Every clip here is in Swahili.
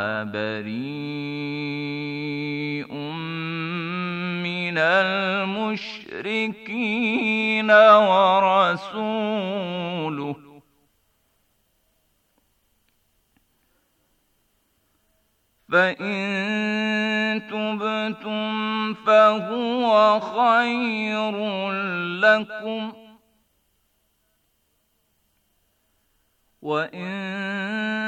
الله بريء من المشركين ورسوله فإن تبتم فهو خير لكم وإن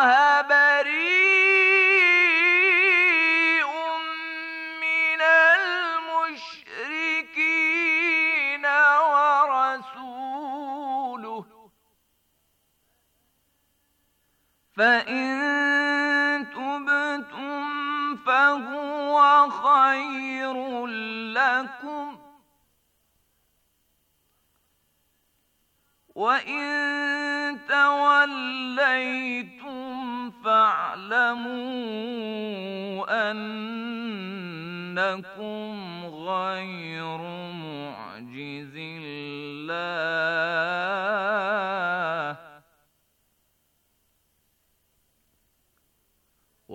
فإن تبتم فهو خير لكم وإن توليتم فاعلموا أنكم غير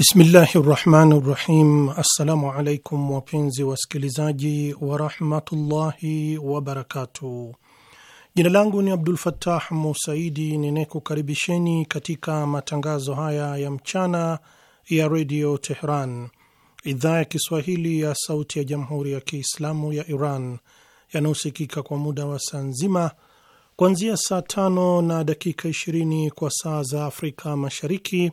Bismillahi rahmani rahim. Assalamu alaikum wapenzi wasikilizaji warahmatullahi wabarakatuh. Jina langu ni Abdul Fattah Musaidi ninekukaribisheni katika matangazo haya ya mchana ya redio Tehran, idhaa ya Kiswahili ya sauti ya jamhuri ya Kiislamu ya Iran, yanayosikika kwa muda wa saa nzima kuanzia saa tano na dakika ishirini kwa saa za Afrika Mashariki,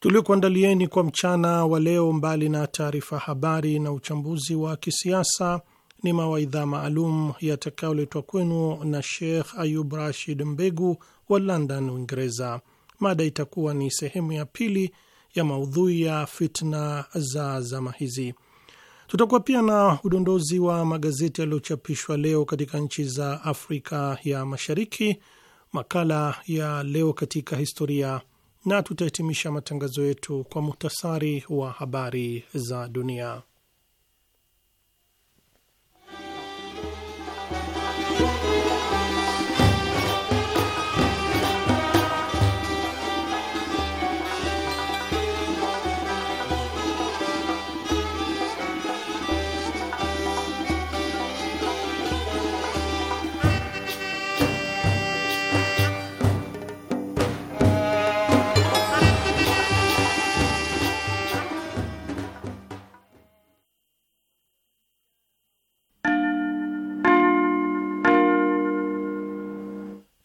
tuliokuandalieni kwa mchana wa leo, mbali na taarifa habari na uchambuzi wa kisiasa, ni mawaidha maalum yatakayoletwa kwenu na Sheikh Ayub Rashid Mbegu wa London, Uingereza. Mada itakuwa ni sehemu ya pili ya maudhui ya fitna za zama hizi. Tutakuwa pia na udondozi wa magazeti yaliyochapishwa leo katika nchi za Afrika ya Mashariki, makala ya leo katika historia na tutahitimisha matangazo yetu kwa muhtasari wa habari za dunia.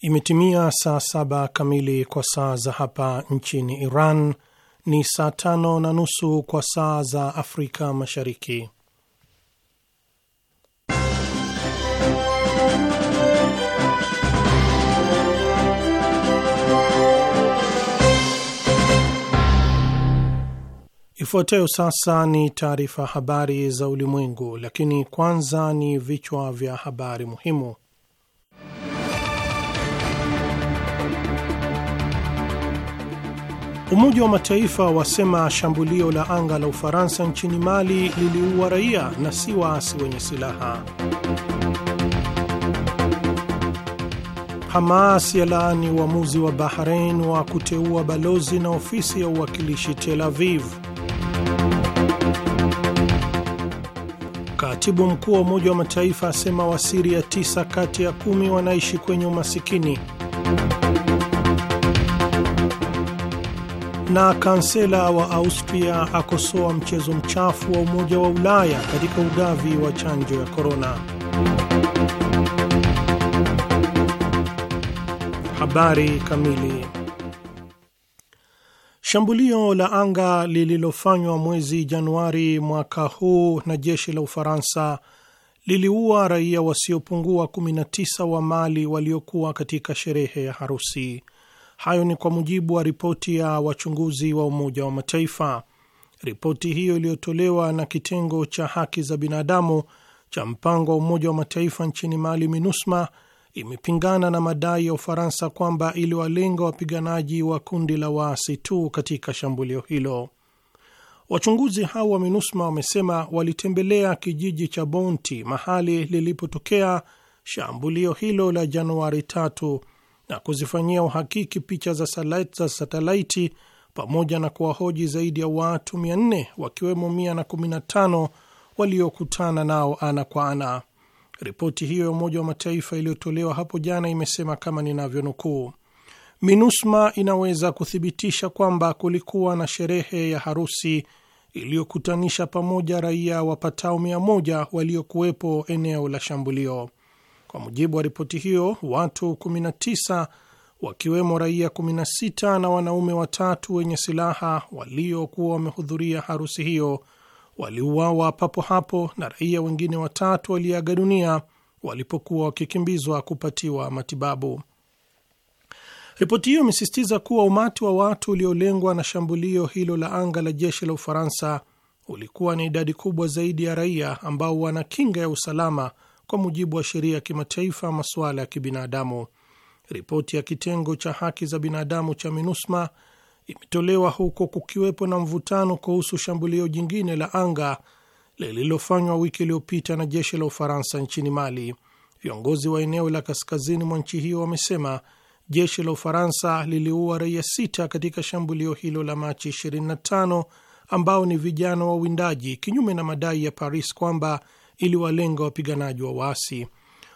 Imetimia saa saba kamili kwa saa za hapa nchini Iran, ni saa tano na nusu kwa saa za Afrika Mashariki. Ifuatayo sasa ni taarifa habari za ulimwengu, lakini kwanza ni vichwa vya habari muhimu. Umoja wa Mataifa wasema shambulio la anga la Ufaransa nchini Mali liliua raia na si waasi wenye silaha. Hamas laani uamuzi wa Bahrain wa kuteua balozi na ofisi ya uwakilishi Tel Aviv. Katibu mkuu wa Umoja wa Mataifa asema Wasiria tisa kati ya kumi wanaishi kwenye umasikini. na kansela wa Austria akosoa mchezo mchafu wa Umoja wa Ulaya katika ugavi wa chanjo ya korona. Habari kamili. Shambulio la anga lililofanywa mwezi Januari mwaka huu na jeshi la Ufaransa liliua raia wasiopungua 19 wa Mali waliokuwa katika sherehe ya harusi. Hayo ni kwa mujibu wa ripoti ya wachunguzi wa Umoja wa Mataifa. Ripoti hiyo iliyotolewa na kitengo cha haki za binadamu cha mpango wa Umoja wa Mataifa nchini Mali, MINUSMA, imepingana na madai ya Ufaransa kwamba iliwalenga wapiganaji wa kundi la waasi tu katika shambulio hilo. Wachunguzi hao wa MINUSMA wamesema walitembelea kijiji cha Bonti, mahali lilipotokea shambulio hilo la Januari tatu na kuzifanyia uhakiki picha za satelaiti pamoja na kuwahoji zaidi ya watu 400 wakiwemo 115 waliokutana nao ana kwa ana. Ripoti hiyo ya Umoja wa Mataifa iliyotolewa hapo jana imesema kama ninavyonukuu, MINUSMA inaweza kuthibitisha kwamba kulikuwa na sherehe ya harusi iliyokutanisha pamoja raia wapatao 100 waliokuwepo eneo la shambulio. Kwa mujibu wa ripoti hiyo, watu 19 wakiwemo raia 16 na wanaume watatu wenye silaha waliokuwa wamehudhuria harusi hiyo waliuawa papo hapo na raia wengine watatu waliaga dunia walipokuwa wakikimbizwa kupatiwa matibabu. Ripoti hiyo imesisitiza kuwa umati wa watu uliolengwa na shambulio hilo la anga la jeshi la Ufaransa ulikuwa na idadi kubwa zaidi ya raia ambao wana kinga ya usalama kwa mujibu wa sheria ya kimataifa masuala ya kibinadamu. Ripoti ya kitengo cha haki za binadamu cha MINUSMA imetolewa huko kukiwepo na mvutano kuhusu shambulio jingine la anga lililofanywa wiki iliyopita na jeshi la Ufaransa nchini Mali. Viongozi wa eneo la kaskazini mwa nchi hiyo wamesema jeshi la Ufaransa liliua raia sita katika shambulio hilo la Machi 25 ambao ni vijana wa uwindaji, kinyume na madai ya Paris kwamba iliwalenga wapiganaji wa waasi.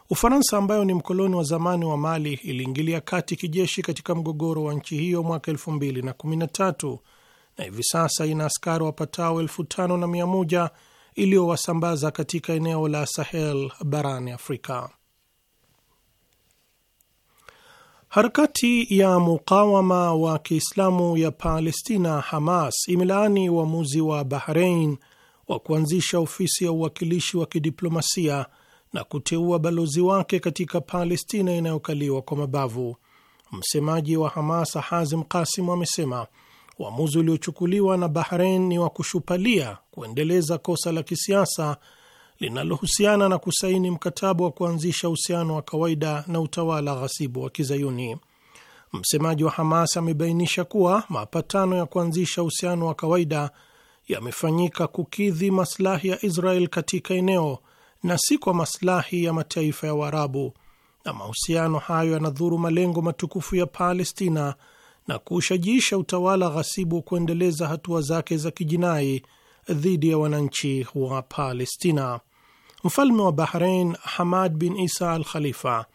Ufaransa ambayo ni mkoloni wa zamani wa Mali iliingilia kati kijeshi katika mgogoro wa nchi hiyo mwaka elfu mbili na hivi sasa ina askari wapatao elfu tano na mia moja iliyowasambaza katika eneo la Sahel barani Afrika. Harakati ya mukawama wa Kiislamu ya Palestina, Hamas, imelaani uamuzi wa Bahrein wa kuanzisha ofisi ya uwakilishi wa kidiplomasia na kuteua balozi wake katika Palestina inayokaliwa kwa mabavu. Msemaji wa Hamas Hazim Kasim amesema uamuzi uliochukuliwa na Bahrein ni wa kushupalia kuendeleza kosa la kisiasa linalohusiana na kusaini mkataba wa kuanzisha uhusiano wa kawaida na utawala ghasibu wa Kizayuni. Msemaji wa Hamas amebainisha kuwa mapatano ya kuanzisha uhusiano wa kawaida yamefanyika kukidhi maslahi ya Israel katika eneo na si kwa maslahi ya mataifa ya Waarabu, na mahusiano hayo yanadhuru malengo matukufu ya Palestina na kushajiisha utawala ghasibu kuendeleza hatua zake za kijinai dhidi ya wananchi wa Palestina. Mfalme wa Bahrain Hamad bin Isa Al Khalifa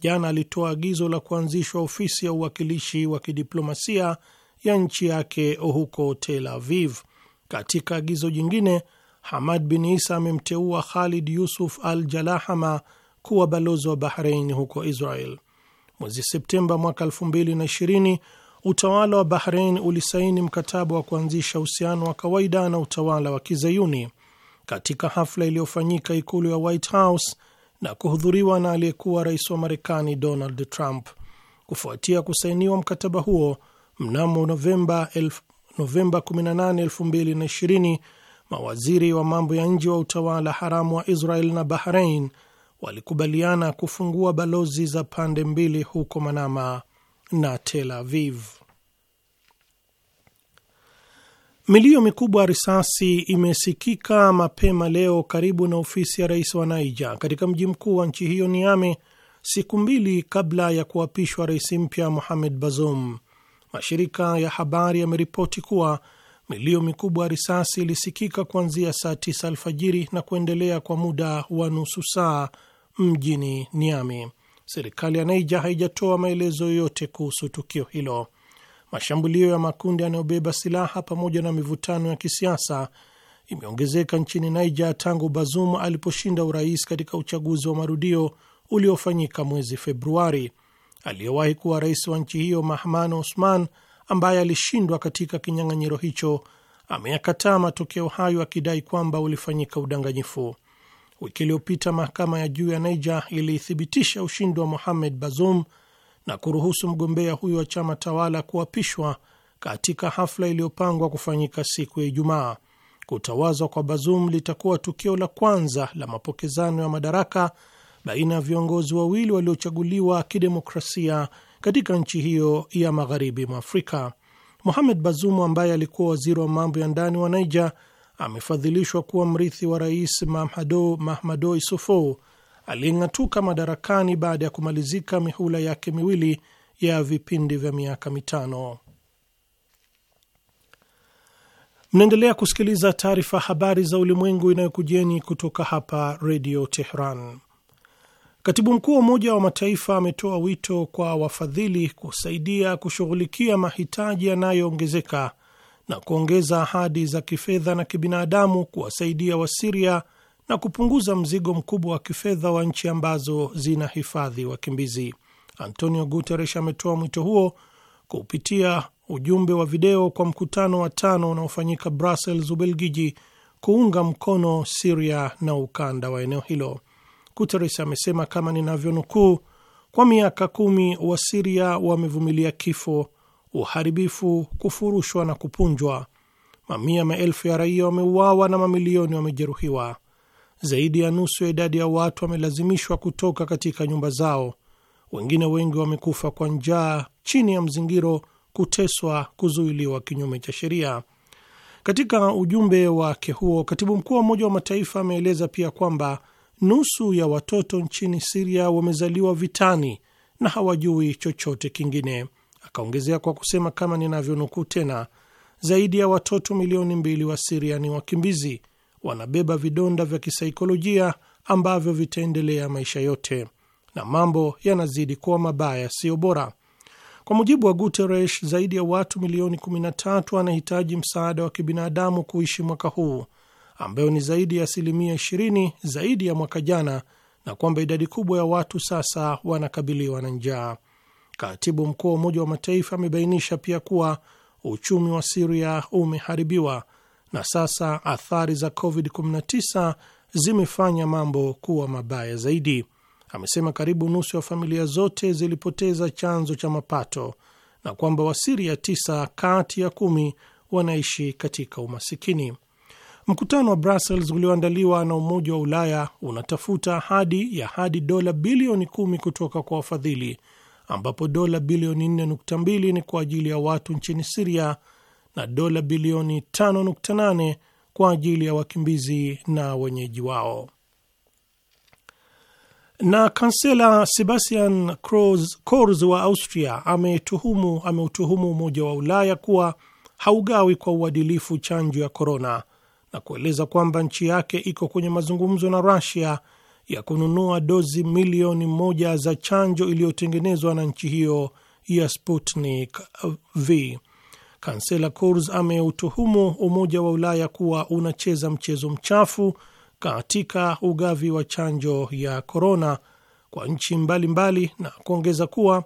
jana alitoa agizo la kuanzishwa ofisi ya uwakilishi wa kidiplomasia ya nchi yake huko Tel Aviv katika agizo jingine, Hamad bin Isa amemteua Khalid Yusuf al Jalahama kuwa balozi wa Bahrein huko Israel. Mwezi Septemba mwaka 2020 utawala wa Bahrein ulisaini mkataba wa kuanzisha uhusiano wa kawaida na utawala wa Kizayuni katika hafla iliyofanyika ikulu ya White House na kuhudhuriwa na aliyekuwa rais wa Marekani Donald Trump. Kufuatia kusainiwa mkataba huo mnamo Novemba Novemba 18, 2020 mawaziri wa mambo ya nje wa utawala haramu wa Israel na Bahrain walikubaliana kufungua balozi za pande mbili huko Manama na Tel Aviv. Milio mikubwa ya risasi imesikika mapema leo karibu na ofisi ya rais wa Naija katika mji mkuu wa nchi hiyo Niame, siku mbili kabla ya kuapishwa rais mpya Mohamed Bazoum mashirika ya habari yameripoti kuwa milio mikubwa ya risasi ilisikika kuanzia saa tisa alfajiri na kuendelea kwa muda wa nusu saa mjini niami Serikali ya Naija haijatoa maelezo yoyote kuhusu tukio hilo. Mashambulio ya makundi yanayobeba silaha pamoja na mivutano ya kisiasa imeongezeka nchini Naija tangu Bazoum aliposhinda urais katika uchaguzi wa marudio uliofanyika mwezi Februari aliyewahi kuwa rais wa nchi hiyo Mahman Osman, ambaye alishindwa katika kinyang'anyiro hicho, ameyakataa matokeo hayo akidai kwamba ulifanyika udanganyifu. Wiki iliyopita mahakama ya juu ya Niger iliithibitisha ushindi wa Mohamed Bazoum na kuruhusu mgombea huyo wa chama tawala kuapishwa katika hafla iliyopangwa kufanyika siku ya Ijumaa. Kutawazwa kwa Bazoum litakuwa tukio la kwanza la mapokezano ya madaraka baina ya viongozi wawili waliochaguliwa kidemokrasia katika nchi hiyo ya magharibi mwa Afrika. Mohamed Bazoum ambaye alikuwa waziri wa mambo ya ndani wa Niger amefadhilishwa kuwa mrithi wa rais Mahamado mahmado Issoufou aliyeng'atuka madarakani baada ya kumalizika mihula yake miwili ya vipindi vya miaka mitano. Mnaendelea kusikiliza taarifa habari za ulimwengu inayokujieni kutoka hapa Redio Tehran. Katibu mkuu wa Umoja wa Mataifa ametoa wito kwa wafadhili kusaidia kushughulikia mahitaji yanayoongezeka na kuongeza ahadi za kifedha na kibinadamu kuwasaidia Wasiria na kupunguza mzigo mkubwa wa kifedha wa nchi ambazo zina hifadhi wakimbizi. Antonio Guterres ametoa mwito huo kupitia ujumbe wa video kwa mkutano wa tano unaofanyika Brussels, Ubelgiji, kuunga mkono Siria na ukanda wa eneo hilo. Guteres amesema kama ninavyonukuu, kwa miaka kumi Wasiria wamevumilia kifo, uharibifu, kufurushwa na kupunjwa. Mamia maelfu ya raia wameuawa na mamilioni wamejeruhiwa. Zaidi ya nusu ya idadi ya watu wamelazimishwa kutoka katika nyumba zao. Wengine wengi wamekufa kwa njaa, chini ya mzingiro, kuteswa, kuzuiliwa kinyume cha sheria. Katika ujumbe wake huo, katibu mkuu wa Umoja wa Mataifa ameeleza pia kwamba nusu ya watoto nchini Siria wamezaliwa vitani na hawajui chochote kingine. Akaongezea kwa kusema kama ninavyonukuu tena, zaidi ya watoto milioni mbili wa Siria ni wakimbizi, wanabeba vidonda vya kisaikolojia ambavyo vitaendelea maisha yote, na mambo yanazidi kuwa mabaya, siyo bora. Kwa mujibu wa Guterres, zaidi ya watu milioni 13 wanahitaji msaada wa kibinadamu kuishi mwaka huu, ambayo ni zaidi ya asilimia 20 zaidi ya mwaka jana, na kwamba idadi kubwa ya watu sasa wanakabiliwa na njaa. Katibu mkuu wa Umoja wa Mataifa amebainisha pia kuwa uchumi wa Siria umeharibiwa na sasa athari za COVID-19 zimefanya mambo kuwa mabaya zaidi. Amesema karibu nusu ya familia zote zilipoteza chanzo cha mapato na kwamba Wasiria tisa kati ya kumi wanaishi katika umasikini. Mkutano wa Brussels ulioandaliwa na Umoja wa Ulaya unatafuta ahadi ya hadi dola bilioni kumi kutoka kwa wafadhili, ambapo dola bilioni 4.2 ni kwa ajili ya watu nchini Siria na dola bilioni 5.8 kwa ajili ya wakimbizi na wenyeji wao. Na kansela Sebastian Kurz wa Austria ameutuhumu ame Umoja wa Ulaya kuwa haugawi kwa uadilifu chanjo ya korona na kueleza kwamba nchi yake iko kwenye mazungumzo na rasia ya kununua dozi milioni moja za chanjo iliyotengenezwa na nchi hiyo ya Sputnik V. Kansela Kurz ameutuhumu Umoja wa Ulaya kuwa unacheza mchezo mchafu katika ugavi wa chanjo ya korona kwa nchi mbalimbali mbali, na kuongeza kuwa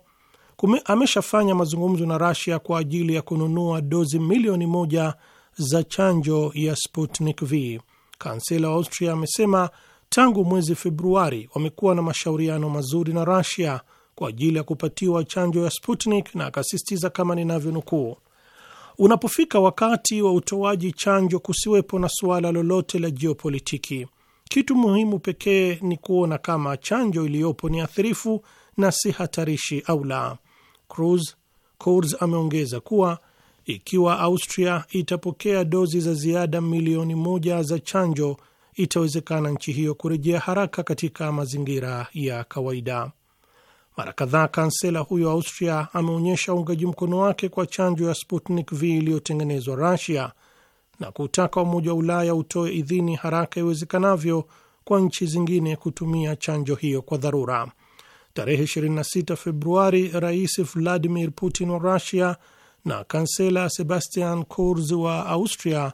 ameshafanya mazungumzo na Rasia kwa ajili ya kununua dozi milioni moja za chanjo ya Sputnik V. Kansela wa Austria amesema tangu mwezi Februari wamekuwa na mashauriano mazuri na rasia kwa ajili ya kupatiwa chanjo ya Sputnik, na akasisitiza kama ninavyonukuu, unapofika wakati wa utoaji chanjo kusiwepo na suala lolote la jiopolitiki. Kitu muhimu pekee ni kuona kama chanjo iliyopo ni athirifu na si hatarishi au la. Kurz ameongeza kuwa ikiwa Austria itapokea dozi za ziada milioni moja za chanjo, itawezekana nchi hiyo kurejea haraka katika mazingira ya kawaida. Mara kadhaa kansela huyo Austria ameonyesha uungaji mkono wake kwa chanjo ya Sputnik V iliyotengenezwa rusia na kutaka Umoja wa Ulaya utoe idhini haraka iwezekanavyo kwa nchi zingine kutumia chanjo hiyo kwa dharura. Tarehe 26 Februari, Rais Vladimir Putin wa Russia na kansela Sebastian Kurz wa Austria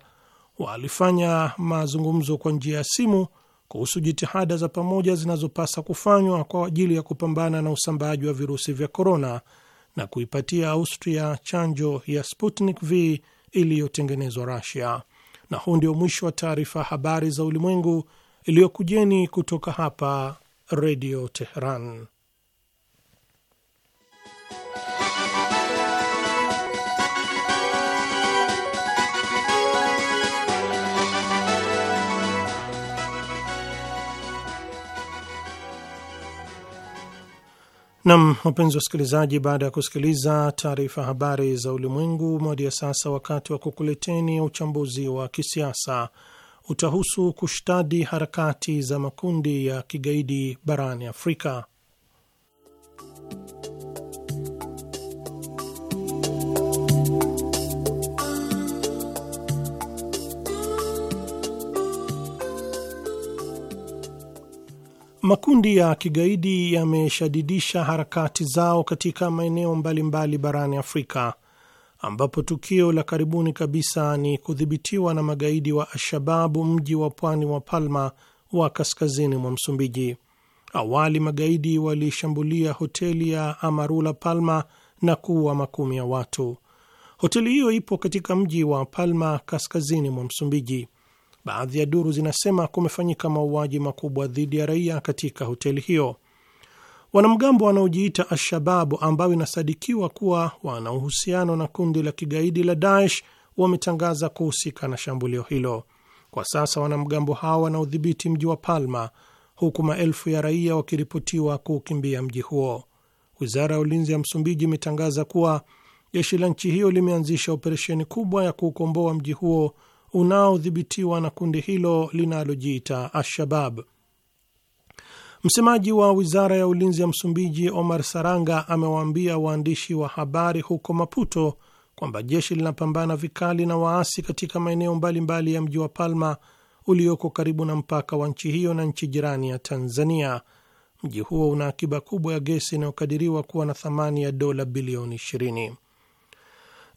walifanya mazungumzo kwa njia ya simu kuhusu jitihada za pamoja zinazopasa kufanywa kwa ajili ya kupambana na usambaaji wa virusi vya korona na kuipatia Austria chanjo ya Sputnik V iliyotengenezwa Rasia. Na huu ndio mwisho wa taarifa habari za ulimwengu iliyokujeni kutoka hapa Redio Teheran. Nam, wapenzi wasikilizaji, baada ya kusikiliza taarifa habari za ulimwengu modi ya sasa, wakati wa kukuleteni uchambuzi wa kisiasa utahusu kushtadi harakati za makundi ya kigaidi barani Afrika. Makundi ya kigaidi yameshadidisha harakati zao katika maeneo mbalimbali barani Afrika ambapo tukio la karibuni kabisa ni kudhibitiwa na magaidi wa Alshababu mji wa pwani wa Palma wa kaskazini mwa Msumbiji. Awali magaidi walishambulia hoteli ya Amarula Palma na kuua makumi ya watu. Hoteli hiyo ipo katika mji wa Palma kaskazini mwa Msumbiji. Baadhi ya duru zinasema kumefanyika mauaji makubwa dhidi ya raia katika hoteli hiyo. Wanamgambo wanaojiita Alshababu, ambayo inasadikiwa kuwa wana uhusiano na kundi la kigaidi la Daesh, wametangaza kuhusika na shambulio hilo. Kwa sasa wanamgambo hao wanaodhibiti mji wa Palma, huku maelfu ya raia wakiripotiwa kuukimbia mji huo. Wizara ya ulinzi ya Msumbiji imetangaza kuwa jeshi la nchi hiyo limeanzisha operesheni kubwa ya kuukomboa mji huo unaodhibitiwa na kundi hilo linalojiita al-shabab Msemaji wa wizara ya ulinzi ya Msumbiji, Omar Saranga, amewaambia waandishi wa habari huko Maputo kwamba jeshi linapambana vikali na waasi katika maeneo mbalimbali ya mji wa Palma ulioko karibu na mpaka wa nchi hiyo na nchi jirani ya Tanzania. Mji huo una akiba kubwa ya gesi inayokadiriwa kuwa na thamani ya dola bilioni 20.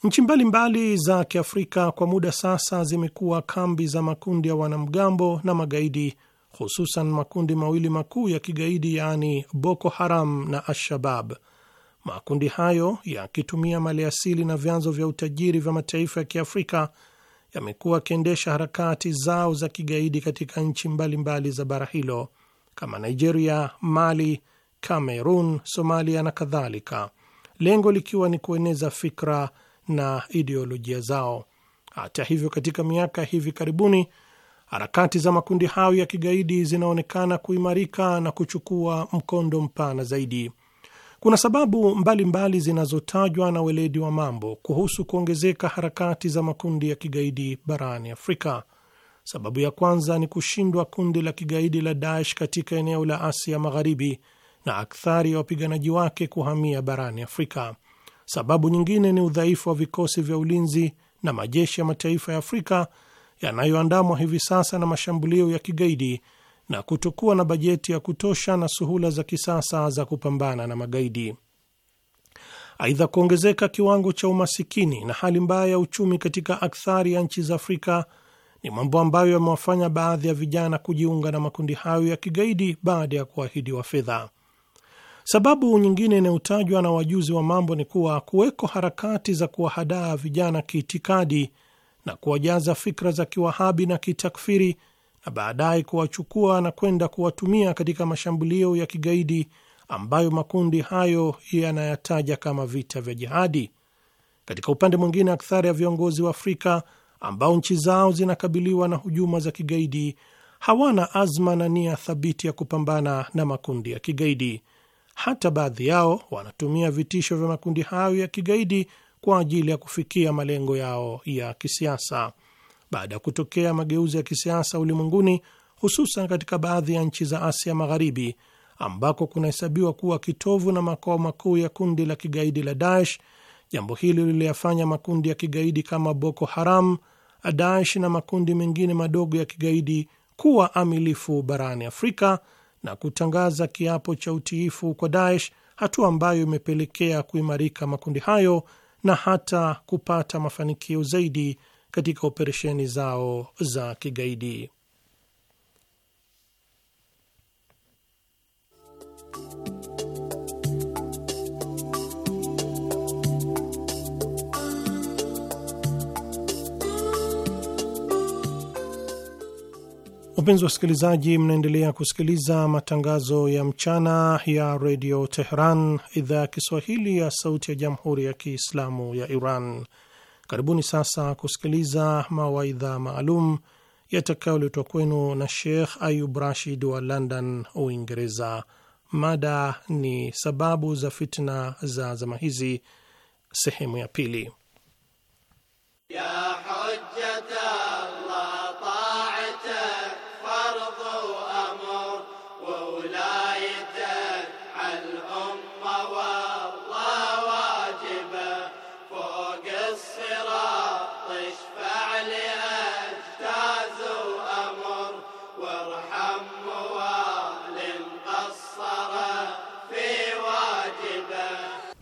Nchi mbalimbali za Kiafrika kwa muda sasa zimekuwa kambi za makundi ya wanamgambo na magaidi, hususan makundi mawili makuu ya kigaidi, yaani Boko Haram na Al-Shabab. Makundi hayo yakitumia maliasili na vyanzo vya utajiri vya mataifa ya Kiafrika yamekuwa yakiendesha harakati zao za kigaidi katika nchi mbalimbali za bara hilo kama Nigeria, Mali, Cameroon, Somalia na kadhalika, lengo likiwa ni kueneza fikra na ideolojia zao. Hata hivyo, katika miaka hivi karibuni harakati za makundi hayo ya kigaidi zinaonekana kuimarika na kuchukua mkondo mpana zaidi. Kuna sababu mbalimbali zinazotajwa na weledi wa mambo kuhusu kuongezeka harakati za makundi ya kigaidi barani Afrika. Sababu ya kwanza ni kushindwa kundi la kigaidi la Daesh katika eneo la Asia Magharibi na akthari ya wapiganaji wake kuhamia barani Afrika. Sababu nyingine ni udhaifu wa vikosi vya ulinzi na majeshi ya mataifa ya Afrika yanayoandamwa hivi sasa na mashambulio ya kigaidi na kutokuwa na bajeti ya kutosha na suhula za kisasa za kupambana na magaidi. Aidha, kuongezeka kiwango cha umasikini na hali mbaya ya uchumi katika akthari ya nchi za Afrika ni mambo ambayo yamewafanya baadhi ya vijana kujiunga na makundi hayo ya kigaidi baada ya kuahidiwa fedha. Sababu nyingine inayotajwa na wajuzi wa mambo ni kuwa kuweko harakati za kuwahadaa vijana kiitikadi na kuwajaza fikra za kiwahabi na kitakfiri na baadaye kuwachukua na kwenda kuwatumia katika mashambulio ya kigaidi ambayo makundi hayo yanayataja kama vita vya jihadi. Katika upande mwingine, akthari ya viongozi wa Afrika ambao nchi zao zinakabiliwa na hujuma za kigaidi hawana azma na nia thabiti ya kupambana na makundi ya kigaidi. Hata baadhi yao wanatumia vitisho vya makundi hayo ya kigaidi kwa ajili ya kufikia malengo yao ya kisiasa. Baada ya kutokea mageuzi ya kisiasa ulimwenguni, hususan katika baadhi ya nchi za Asia Magharibi, ambako kunahesabiwa kuwa kitovu na makao makuu ya kundi la kigaidi la Daesh, jambo hili liliyafanya makundi ya kigaidi kama Boko Haram, Daesh na makundi mengine madogo ya kigaidi kuwa amilifu barani Afrika na kutangaza kiapo cha utiifu kwa Daesh, hatua ambayo imepelekea kuimarika makundi hayo na hata kupata mafanikio zaidi katika operesheni zao za kigaidi. Wapenzi wasikilizaji, mnaendelea kusikiliza matangazo ya mchana ya redio Tehran, idhaa ya Kiswahili ya sauti ya jamhuri ya Kiislamu ya Iran. Karibuni sasa kusikiliza mawaidha maalum yatakayoletwa kwenu na Sheikh Ayub Rashid wa London, Uingereza. Mada ni sababu za fitna za zama hizi, sehemu ya pili ya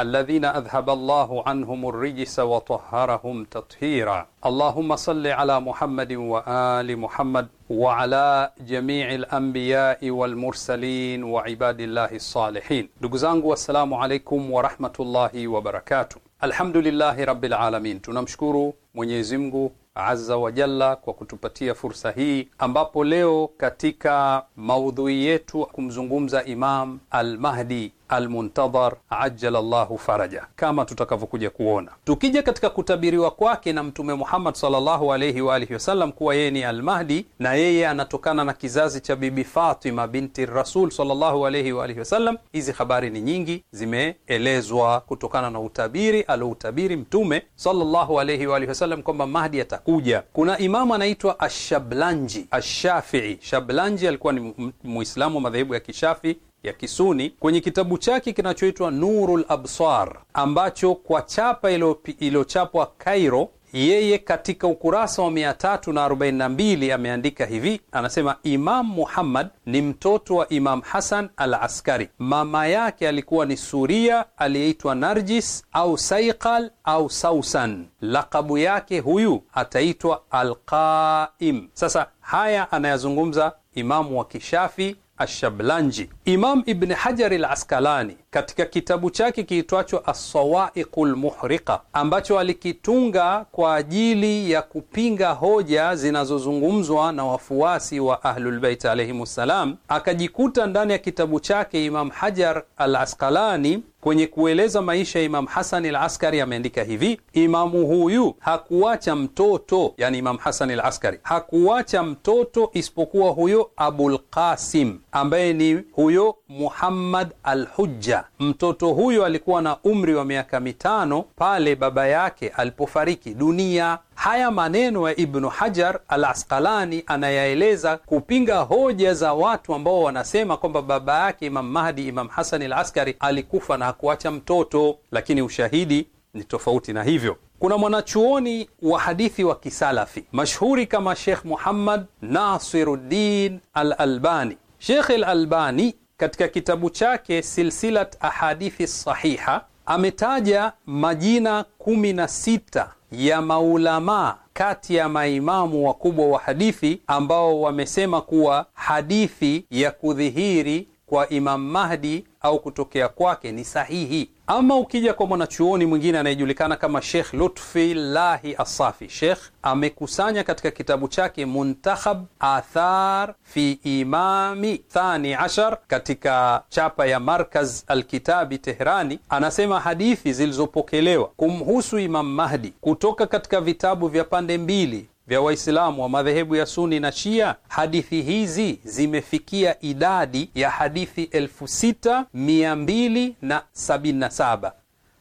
الذين أذهب الله عنهم الرجس وطهرهم تطهيرا اللهم صل على محمد وآل محمد وعلى جميع الأنبياء والمرسلين وعباد الله الصالحين دقزانق والسلام عليكم ورحمة الله وبركاته الحمد لله رب العالمين tunamshukuru Mwenyezi Mungu Azza wa Jalla kwa kutupatia fursa hii ambapo leo katika maudhui yetu kumzungumza Imam Al-Mahdi almuntadhar ajala llahu faraja, kama tutakavyokuja kuona. Tukija katika kutabiriwa kwake na Mtume Muhammad sallallahu wa alihi wasallam kuwa yeye ni Almahdi, na yeye anatokana na kizazi cha Bibi Fatima binti Rasul sallallahu wa alihi wasallam. Hizi habari ni nyingi, zimeelezwa kutokana na utabiri alioutabiri Mtume sallallahu wa alihi wasallam kwamba Mahdi atakuja. Kuna imamu anaitwa Ashablanji Ashafii. Shablanji alikuwa ni Muislamu wa madhehebu ya Kishafi ya Kisuni kwenye kitabu chake kinachoitwa Nurul Absar ambacho kwa chapa iliyochapwa Kairo, yeye katika ukurasa wa 342 ameandika hivi, anasema Imam Muhammad ni mtoto wa Imam Hasan al Askari. Mama yake alikuwa ni Suria aliyeitwa Narjis au Saiqal au Sausan. Lakabu yake huyu ataitwa Alqaim. Sasa haya anayazungumza imamu wa Kishafi الشبلانجي إمام ابن حجر العسقلاني katika kitabu chake kiitwacho Assawaiqu lmuhriqa ambacho alikitunga kwa ajili ya kupinga hoja zinazozungumzwa na wafuasi wa Ahlulbeit alaihim ssalam, akajikuta ndani ya kitabu chake Imam Hajar al Asqalani kwenye kueleza maisha ya Imam Hasan al Askari ameandika hivi: imamu huyu hakuwacha mtoto, yani Imam Hasan al Askari hakuwacha mtoto isipokuwa huyo Abulqasim ambaye ni huyo Muhammad al-Hujja. Mtoto huyo alikuwa na umri wa miaka mitano pale baba yake alipofariki dunia. Haya maneno ya Ibnu Hajar al Asqalani anayaeleza kupinga hoja za watu ambao wanasema kwamba baba yake Imam Mahdi, Imam Hasani al Askari, alikufa na hakuacha mtoto, lakini ushahidi ni tofauti na hivyo. Kuna mwanachuoni wa hadithi wa kisalafi mashhuri kama Sheikh Muhammad Nasiruddin al Albani. Sheikh al Albani katika kitabu chake Silsilat Ahadithi Sahiha ametaja majina kumi na sita ya maulamaa kati ya maimamu wakubwa wa hadithi ambao wamesema kuwa hadithi ya kudhihiri kwa Imam Mahdi au kutokea kwake ni sahihi. Ama ukija kwa mwanachuoni mwingine anayejulikana kama Sheikh Lutfi Lahi Asafi, Sheikh amekusanya katika kitabu chake Muntakhab Athar fi Imami Thani Ashar katika chapa ya Markaz Alkitabi Tehrani, anasema hadithi zilizopokelewa kumhusu Imam Mahdi kutoka katika vitabu vya pande mbili vya Waislamu wa madhehebu ya Suni na Shia, hadithi hizi zimefikia idadi ya hadithi 6277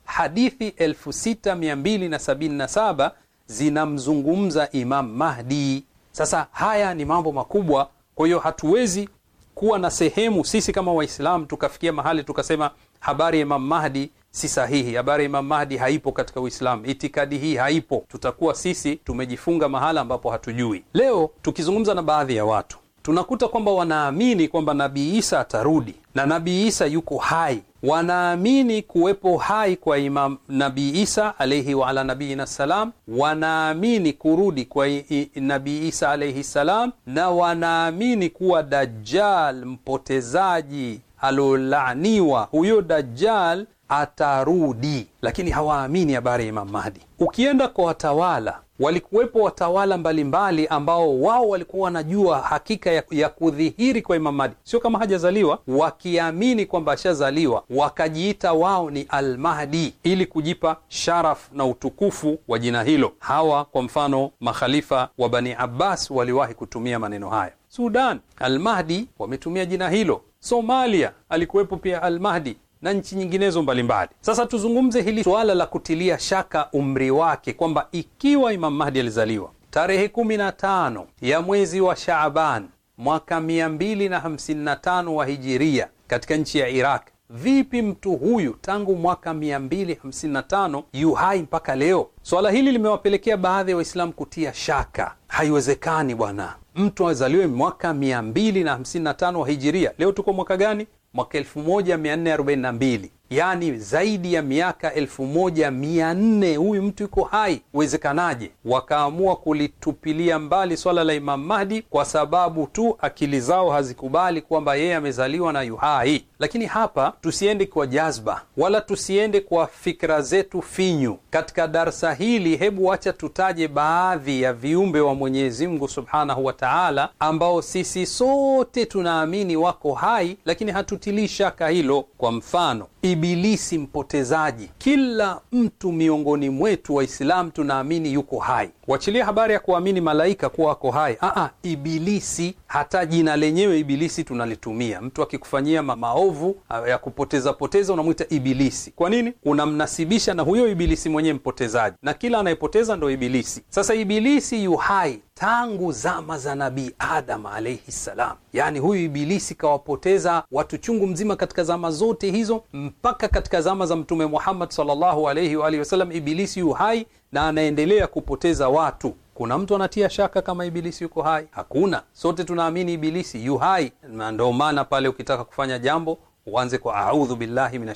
hadithi 6277 zinamzungumza Imam Mahdi. Sasa haya ni mambo makubwa, kwa hiyo hatuwezi kuwa na sehemu sisi kama Waislamu tukafikia mahali tukasema habari ya Imam Mahdi si sahihi. Habari ya Imam Mahdi haipo katika Uislamu, itikadi hii haipo. Tutakuwa sisi tumejifunga mahala ambapo hatujui. Leo tukizungumza na baadhi ya watu tunakuta kwamba wanaamini kwamba Nabii Isa atarudi na Nabii Isa yuko hai, wanaamini kuwepo hai kwa Imam Nabii Isa alaihi wa ala nabiina salam, wanaamini kurudi kwa Nabii Isa alaihi salam, na wanaamini kuwa Dajjal mpotezaji alolaaniwa huyo Dajjal atarudi, lakini hawaamini habari ya Imam Mahdi. Ukienda kwa watawala, walikuwepo watawala mbalimbali mbali ambao wao walikuwa wanajua hakika ya, ya kudhihiri kwa Imam Mahdi, sio kama hajazaliwa, wakiamini kwamba ashazaliwa, wakajiita wao ni Almahdi ili kujipa sharaf na utukufu wa jina hilo. Hawa kwa mfano makhalifa wa Bani Abbas waliwahi kutumia maneno haya. Sudan Almahdi wametumia jina hilo. Somalia alikuwepo pia Almahdi na nchi nyinginezo mbalimbali. Sasa tuzungumze hili suala la kutilia shaka umri wake, kwamba ikiwa Imam Mahdi alizaliwa tarehe 15 ya mwezi wa Shaaban mwaka 255 wa hijiria katika nchi ya Iraq, vipi mtu huyu tangu mwaka 255 yu hai mpaka leo? Swala hili limewapelekea baadhi ya wa Waislamu kutia shaka, haiwezekani bwana mtu azaliwe mwaka 255 wa hijiria, leo tuko mwaka gani? mwaka 1442 yani zaidi ya miaka elfu moja mia nne huyu mtu yuko hai, uwezekanaje? Wakaamua kulitupilia mbali swala la Imam Mahdi kwa sababu tu akili zao hazikubali kwamba yeye amezaliwa na yuhai. Lakini hapa tusiende kwa jazba wala tusiende kwa fikra zetu finyu. Katika darsa hili, hebu wacha tutaje baadhi ya viumbe wa Mwenyezi Mungu subhanahu wa taala ambao sisi sote tunaamini wako hai, lakini hatutilii shaka hilo. Kwa mfano ibilisi mpotezaji. Kila mtu miongoni mwetu Waislamu tunaamini yuko hai, wachilie habari ya kuamini malaika kuwa wako hai. Aa, ibilisi, hata jina lenyewe ibilisi tunalitumia. Mtu akikufanyia maovu ya kupoteza poteza, unamwita ibilisi. Kwa nini? Unamnasibisha na huyo ibilisi mwenyewe mpotezaji, na kila anayepoteza ndo ibilisi. Sasa ibilisi yu hai tangu zama za Nabii Adam alaihi ssalam. Yaani huyu Ibilisi kawapoteza watu chungu mzima katika zama zote hizo mpaka katika zama za Mtume Muhammad sallallahu alaihi wa alihi wasallam. Ibilisi yu hai na anaendelea kupoteza watu. Kuna mtu anatia shaka kama Ibilisi yuko hai? Hakuna, sote tunaamini Ibilisi yu hai, na ndo maana pale ukitaka kufanya jambo uanze kwa audhu billahi min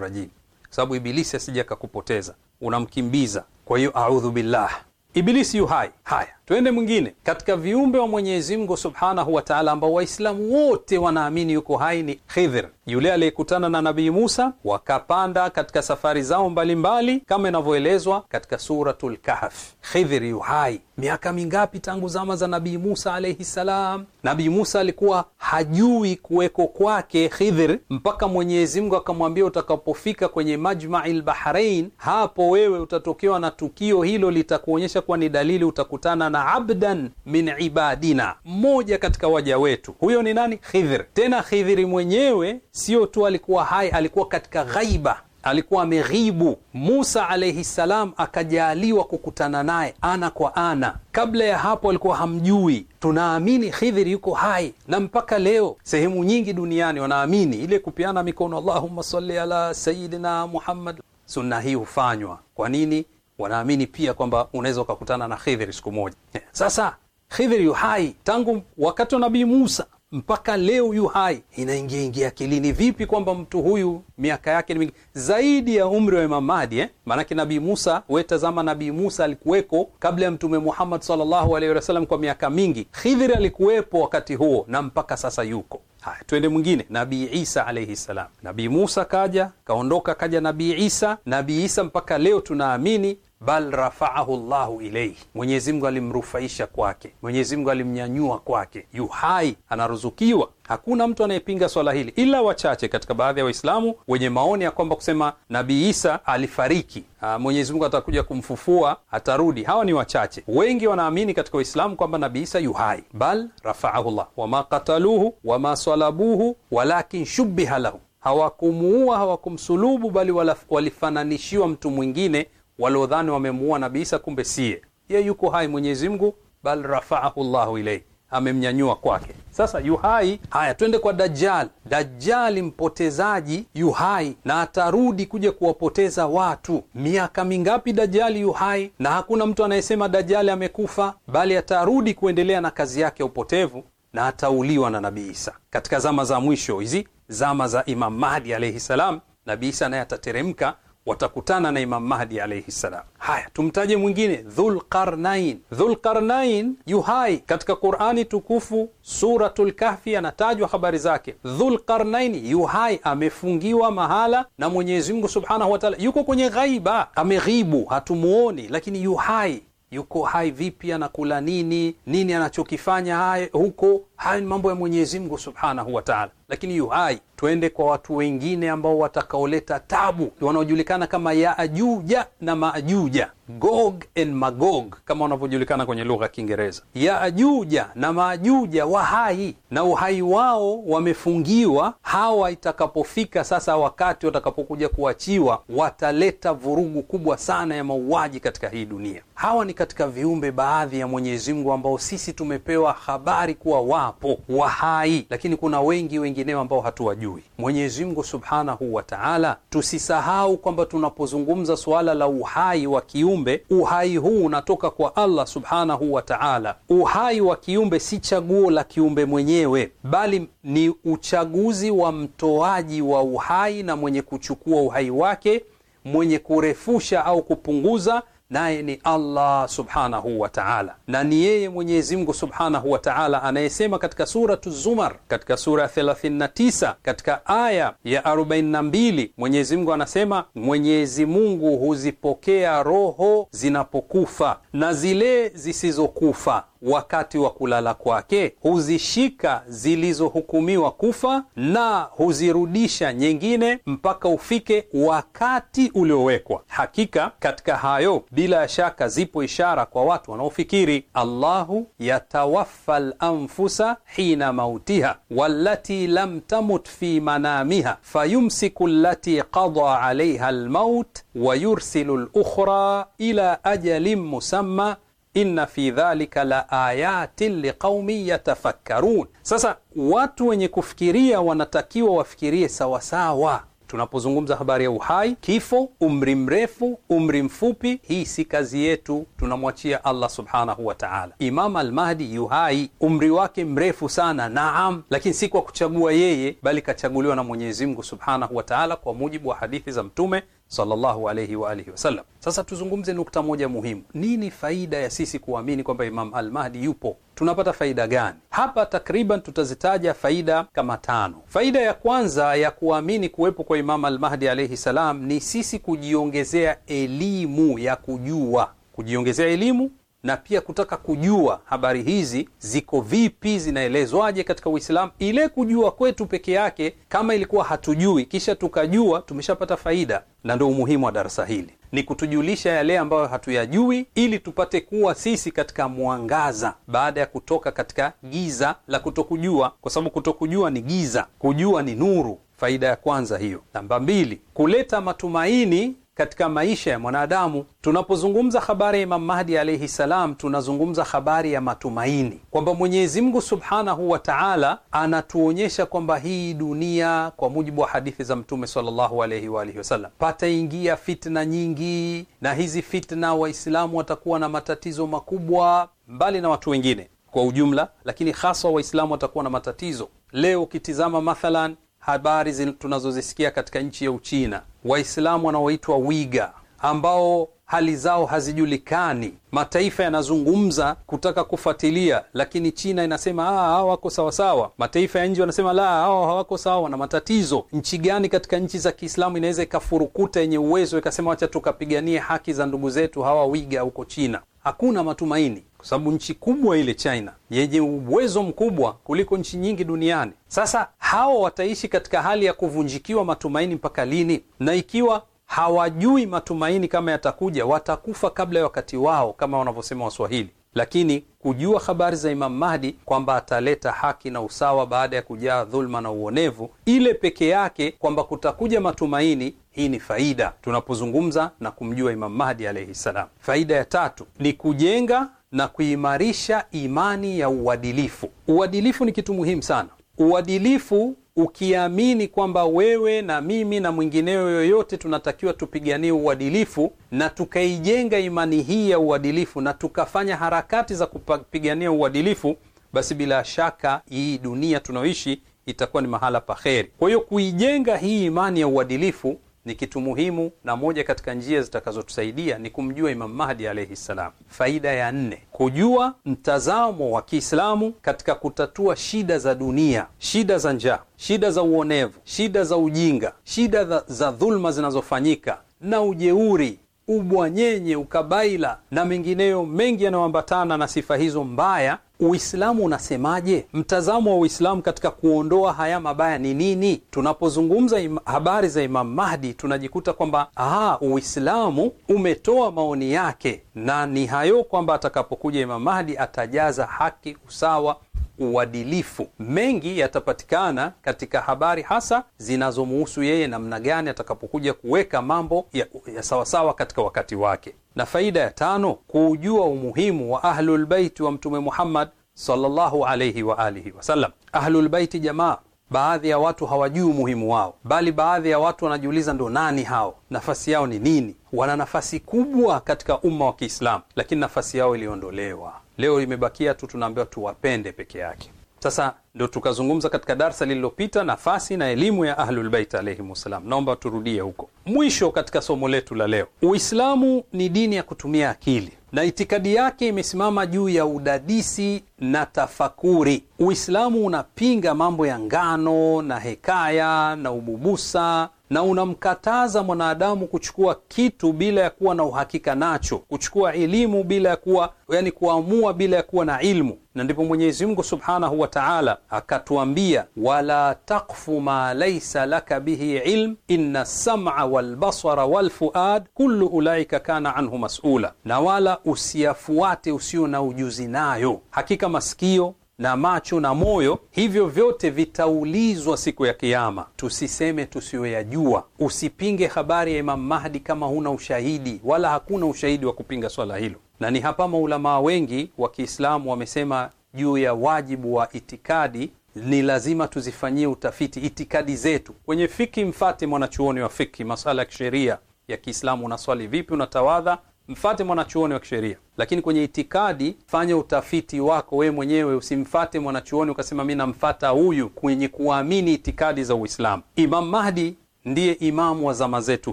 rajim, kwa sababu Ibilisi asija kakupoteza, unamkimbiza. Kwa hiyo audhu billah, Ibilisi yu hai. Haya. Twende mwingine katika viumbe wa Mwenyezi Mungu subhanahu wa taala, ambao Waislamu wote wanaamini yuko hai ni Khidhir, yule aliyekutana na Nabii Musa wakapanda katika safari zao mbalimbali mbali, kama inavyoelezwa katika Suratul Kahf. Khidhir yu hai miaka mingapi tangu zama za Nabii Musa alaihi salam? Nabii Musa alikuwa hajui kuweko kwake Khidhir mpaka Mwenyezi Mungu akamwambia, utakapofika kwenye Majmai lbahrein hapo wewe utatokewa na tukio hilo, litakuonyesha kuwa ni dalili utakutana na kana abdan min ibadina, mmoja katika waja wetu. Huyo ni nani? Khidhir. Tena Khidhiri mwenyewe sio tu alikuwa hai, alikuwa katika ghaiba alikuwa ameghibu. Musa alaihi salam akajaaliwa kukutana naye ana kwa ana. Kabla ya hapo alikuwa hamjui. Tunaamini Khidhiri yuko hai, na mpaka leo sehemu nyingi duniani wanaamini ile kupeana mikono, allahumma salli ala sayidina Muhammad. Sunna hii hufanywa kwa nini? wanaamini pia kwamba unaweza ukakutana na Khidhiri siku moja. Sasa Khidhiri yu hai tangu wakati wa Nabii Musa mpaka leo yu hai. Inaingia ingia akilini vipi kwamba mtu huyu miaka yake ni mingi zaidi ya umri wa Imam Mahdi eh? Maanake Nabii Musa, wetazama, Nabii Musa alikuweko kabla ya Mtume Muhammad sallallahu alaihi wasallam kwa miaka mingi. Khidhiri alikuwepo wakati huo na mpaka sasa yuko Haya, twende mwingine. Nabii Isa alaihi salam. Nabii Musa kaja kaondoka, kaja Nabii Isa. Nabii Isa mpaka leo tunaamini bal rafaahu llahu ilaihi, Mwenyezi Mungu alimrufaisha kwake, Mwenyezi Mungu alimnyanyua kwake, yu hai, anaruzukiwa. Hakuna mtu anayepinga swala hili ila wachache katika baadhi ya Waislamu wenye maoni ya kwamba kusema Nabii Isa alifariki, ah, Mwenyezi Mungu atakuja kumfufua, atarudi. Hawa ni wachache. Wengi wanaamini katika Waislamu kwamba Nabii Isa yu hai, bal rafaahu llah wama kataluhu wama salabuhu walakin shubiha lahu, hawakumuua hawakumsulubu, bali walifananishiwa mtu mwingine waliodhani wamemuua Nabii Isa, kumbe siye ye, yuko hai Mwenyezi Mungu, bal rafaahu llahu ilaihi, amemnyanyua kwake. Sasa yu hai. Haya, twende kwa Dajjal. Dajjali mpotezaji yu hai na atarudi kuja kuwapoteza watu. Miaka mingapi Dajjali yu hai, na hakuna mtu anayesema Dajjali amekufa, bali atarudi kuendelea na kazi yake ya upotevu na atauliwa na Nabii Isa katika zama za mwisho hizi, zama za Imam Mahdi alaihi salam. Nabii Isa naye atateremka watakutana na Imam Mahdi alaihi ssalam. Haya, tumtaje mwingine? Dhulqarnain. Dhulqarnain yuhai katika Qurani tukufu, Suratul Kahfi anatajwa habari zake. Dhulqarnain yu hai, amefungiwa mahala na Mwenyezi Mungu subhanahu wataala yuko kwenye ghaiba, ameghibu, hatumuoni, lakini yu hai yuko hai. Vipi? anakula nini? Nini anachokifanya hai huko? Haya ni mambo ya Mwenyezi Mungu subhanahu wa taala, lakini yu hai. Twende kwa watu wengine ambao watakaoleta tabu, wanaojulikana kama Yaajuja na Maajuja, Gog and Magog kama wanavyojulikana kwenye lugha ya Kiingereza. Yaajuja na Maajuja wa hai na uhai wao wamefungiwa. Hawa itakapofika sasa wakati watakapokuja kuachiwa, wataleta vurugu kubwa sana ya mauaji katika hii dunia. Hawa ni katika viumbe baadhi ya Mwenyezi Mungu ambao sisi tumepewa habari kuwa wao wapo wahai, lakini kuna wengi wengineo ambao hatuwajui. Mwenyezi Mungu subhanahu wa taala, tusisahau kwamba tunapozungumza suala la uhai wa kiumbe, uhai huu unatoka kwa Allah subhanahu wa taala. Uhai wa kiumbe si chaguo la kiumbe mwenyewe, bali ni uchaguzi wa mtoaji wa uhai na mwenye kuchukua uhai wake, mwenye kurefusha au kupunguza naye ni Allah subhanahu wa ta'ala, na ni yeye Mwenyezi Mungu subhanahu wa ta'ala anayesema katika Suratu Zumar, katika sura 39 katika aya ya 42, Mwenyezi Mungu anasema, Mwenyezi Mungu huzipokea roho zinapokufa na zile zisizokufa wakati wa kulala kwake, huzishika zilizohukumiwa kufa na huzirudisha nyingine mpaka ufike wakati uliowekwa. Hakika katika hayo bila shaka zipo ishara kwa watu wanaofikiri. Allahu yatawaffa lanfusa hina mautiha wallati lam tamut fi manamiha fayumsiku lati qada alaiha lmaut wayursilu lukhra ila ajalin musamma inna fi dhalika la ayatin liqaumi yatafakkarun. Sasa watu wenye kufikiria wanatakiwa wafikirie sawasawa. Tunapozungumza habari ya uhai, kifo, umri mrefu, umri mfupi, hii si kazi yetu, tunamwachia Allah subhanahu wa taala. Imam Almahdi yuhai, umri wake mrefu sana, naam, lakini si kwa kuchagua yeye, bali kachaguliwa na Mwenyezi Mungu subhanahu wa taala, kwa mujibu wa hadithi za Mtume sallallahu alayhi wa alihi wasallam. Sasa tuzungumze nukta moja muhimu. Nini faida ya sisi kuamini kwamba Imam Al-Mahdi yupo? Tunapata faida gani hapa? Takriban tutazitaja faida kama tano. Faida ya kwanza ya kuamini kuwepo kwa Imam Al-Mahdi alayhi salam ni sisi kujiongezea elimu ya kujua, kujiongezea elimu na pia kutaka kujua habari hizi ziko vipi, zinaelezwaje katika Uislamu. Ile kujua kwetu peke yake, kama ilikuwa hatujui kisha tukajua, tumeshapata faida, na ndo umuhimu wa darasa hili ni kutujulisha yale ambayo hatuyajui ili tupate kuwa sisi katika mwangaza baada ya kutoka katika giza la kutokujua, kwa sababu kutokujua ni giza, kujua ni nuru. Faida ya kwanza hiyo. Namba mbili, kuleta matumaini katika maisha ya mwanadamu. Tunapozungumza habari ya Imam Mahdi alaihi salam, tunazungumza habari ya matumaini kwamba Mwenyezi Mungu subhanahu wa taala anatuonyesha kwamba hii dunia, kwa mujibu wa hadithi za Mtume sallallahu alaihi wasallam, pataingia fitna nyingi, na hizi fitna Waislamu watakuwa na matatizo makubwa, mbali na watu wengine kwa ujumla, lakini haswa Waislamu watakuwa na matatizo. Leo ukitizama mathalan habari tunazozisikia katika nchi ya Uchina, Waislamu wanaoitwa Wiga ambao hali zao hazijulikani. Mataifa yanazungumza kutaka kufuatilia, lakini China inasema ah, hawa wako sawasawa. Mataifa ya nje wanasema la, hawa hawako sawa, wana matatizo. Nchi gani katika nchi za Kiislamu inaweza ikafurukuta yenye uwezo ikasema wacha tukapiganie haki za ndugu zetu hawa Wiga huko China? Hakuna matumaini kwa sababu nchi kubwa ile China yenye uwezo mkubwa kuliko nchi nyingi duniani. Sasa hawa wataishi katika hali ya kuvunjikiwa matumaini mpaka lini? Na ikiwa hawajui matumaini kama yatakuja, watakufa kabla ya wakati wao, kama wanavyosema Waswahili. Lakini kujua habari za Imam Mahdi kwamba ataleta haki na usawa baada ya kujaa dhulma na uonevu, ile peke yake kwamba kutakuja matumaini, hii ni faida tunapozungumza na kumjua Imam Mahdi alaihi ssalam. Faida ya tatu ni kujenga na kuimarisha imani ya uadilifu. Uadilifu ni kitu muhimu sana. Uadilifu ukiamini kwamba wewe na mimi na mwingineo yoyote tunatakiwa tupiganie uadilifu na tukaijenga imani hii ya uadilifu na tukafanya harakati za kupigania uadilifu, basi bila shaka hii dunia tunayoishi itakuwa ni mahala pa kheri. Kwa hiyo kuijenga hii imani ya uadilifu ni kitu muhimu, na moja katika njia zitakazotusaidia ni kumjua Imam Mahdi alaihi ssalam. Faida ya nne, kujua mtazamo wa Kiislamu katika kutatua shida za dunia, shida za njaa, shida za uonevu, shida za ujinga, shida za dhulma zinazofanyika na ujeuri ubwanyenye, ukabaila na mengineyo mengi yanayoambatana na sifa hizo mbaya Uislamu unasemaje? Mtazamo wa Uislamu katika kuondoa haya mabaya ni nini? Tunapozungumza ima, habari za Imam Mahdi tunajikuta kwamba aha, Uislamu umetoa maoni yake, na ni hayo kwamba atakapokuja Imam Mahdi atajaza haki, usawa uadilifu. Mengi yatapatikana katika habari hasa zinazomuhusu yeye, namna gani atakapokuja kuweka mambo ya, ya sawasawa katika wakati wake. Na faida ya tano, kuujua umuhimu wa Ahlulbeiti wa Mtume Muhammad sallallahu alayhi wa alihi wasallam. Ahlulbeiti jamaa, baadhi ya watu hawajui umuhimu wao, bali baadhi ya watu wanajiuliza ndo nani hao, nafasi yao ni nini? Wana nafasi kubwa katika umma wa Kiislamu, lakini nafasi yao iliondolewa. Leo imebakia tu tunaambiwa tuwapende peke yake. Sasa ndo tukazungumza katika darsa lililopita nafasi na elimu ya Ahlulbeit alaihim wassalam. Naomba turudie huko mwisho katika somo letu la leo. Uislamu ni dini ya kutumia akili na itikadi yake imesimama juu ya udadisi na tafakuri. Uislamu unapinga mambo ya ngano na hekaya na ububusa na unamkataza mwanadamu kuchukua kitu bila ya kuwa na uhakika nacho, kuchukua elimu bila ya kuwa yani, kuamua bila ya kuwa na ilmu. Na ndipo Mwenyezi Mungu subhanahu wa taala akatuambia, wala takfu ma laisa laka bihi ilm inna lsama walbasara walfuad kullu ulaika kana anhu masula, na wala usiyafuate usio na ujuzi nayo, hakika masikio na macho na moyo, hivyo vyote vitaulizwa siku ya Kiama. Tusiseme tusiyoyajua, usipinge habari ya Imamu Mahdi kama huna ushahidi, wala hakuna ushahidi wa kupinga swala hilo. Na ni hapa maulamaa wengi wa Kiislamu wamesema juu ya wajibu wa itikadi ni lazima tuzifanyie utafiti itikadi zetu. Kwenye fiki, mfate mwanachuoni wa fiki, masala ya kisheria ya Kiislamu. Unaswali vipi? Unatawadha mfate mwanachuoni wa kisheria, lakini kwenye itikadi fanya utafiti wako wewe mwenyewe. Usimfate mwanachuoni ukasema mi namfata huyu kwenye kuamini itikadi za Uislamu. Imam Mahdi ndiye imamu wa zama zetu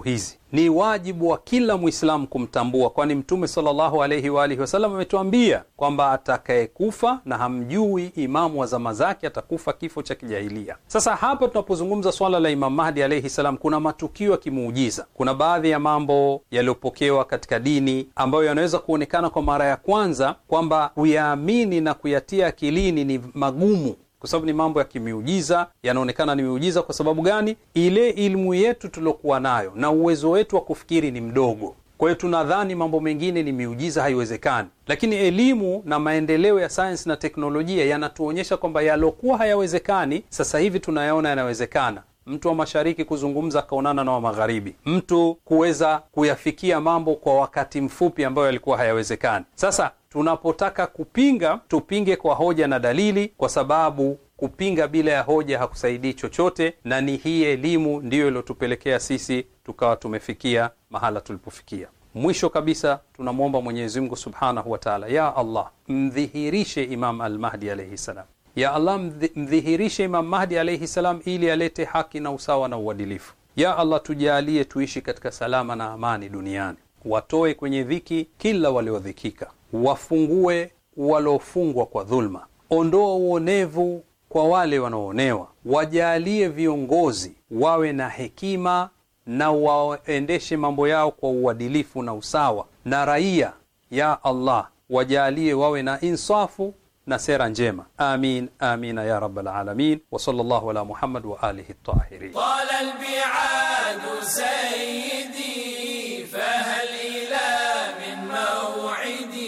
hizi. Ni wajibu wa kila Mwislamu kumtambua, kwani Mtume sallallahu alaihi wa alihi wasallam ametuambia kwamba atakayekufa na hamjui imamu wa zama zake atakufa kifo cha kijahilia. Sasa hapa tunapozungumza swala la Imam Mahdi alaihi salam, kuna matukio ya kimuujiza, kuna baadhi ya mambo yaliyopokewa katika dini ambayo yanaweza kuonekana kwa mara ya kwanza kwamba kuyaamini na kuyatia akilini ni magumu kwa sababu ni mambo ya kimiujiza, yanaonekana ni miujiza. Kwa sababu gani? Ile ilmu yetu tuliokuwa nayo na uwezo wetu wa kufikiri ni mdogo. Kwa hiyo tunadhani mambo mengine ni miujiza, haiwezekani. Lakini elimu na maendeleo ya sayansi na teknolojia yanatuonyesha kwamba yaliokuwa hayawezekani sasa hivi tunayaona yanawezekana mtu wa mashariki kuzungumza akaonana na wa magharibi, mtu kuweza kuyafikia mambo kwa wakati mfupi ambayo yalikuwa hayawezekani. Sasa tunapotaka kupinga, tupinge kwa hoja na dalili, kwa sababu kupinga bila ya hoja hakusaidii chochote, na ni hii elimu ndiyo iliyotupelekea sisi tukawa tumefikia mahala tulipofikia. Mwisho kabisa tunamwomba Mwenyezi Mungu subhanahu wa taala, ya Allah, mdhihirishe Imam Almahdi alaihi salam ya Allah, mdhihirishe Imam Mahdi alayhi salam ili alete haki na usawa na uadilifu. Ya Allah, tujalie tuishi katika salama na amani duniani, watoe kwenye dhiki kila waliodhikika, wafungue waliofungwa kwa dhulma, ondoa uonevu kwa wale wanaoonewa, wajalie viongozi wawe na hekima na waendeshe mambo yao kwa uadilifu na usawa, na raia, ya Allah, wajalie wawe na insafu na sera njema. Amin, amina ya rabbal alamin. Wa sallallahu ala Muhammad wa alihi tahirin. Tala albi'adu sayyidi fahal ila min maw'idi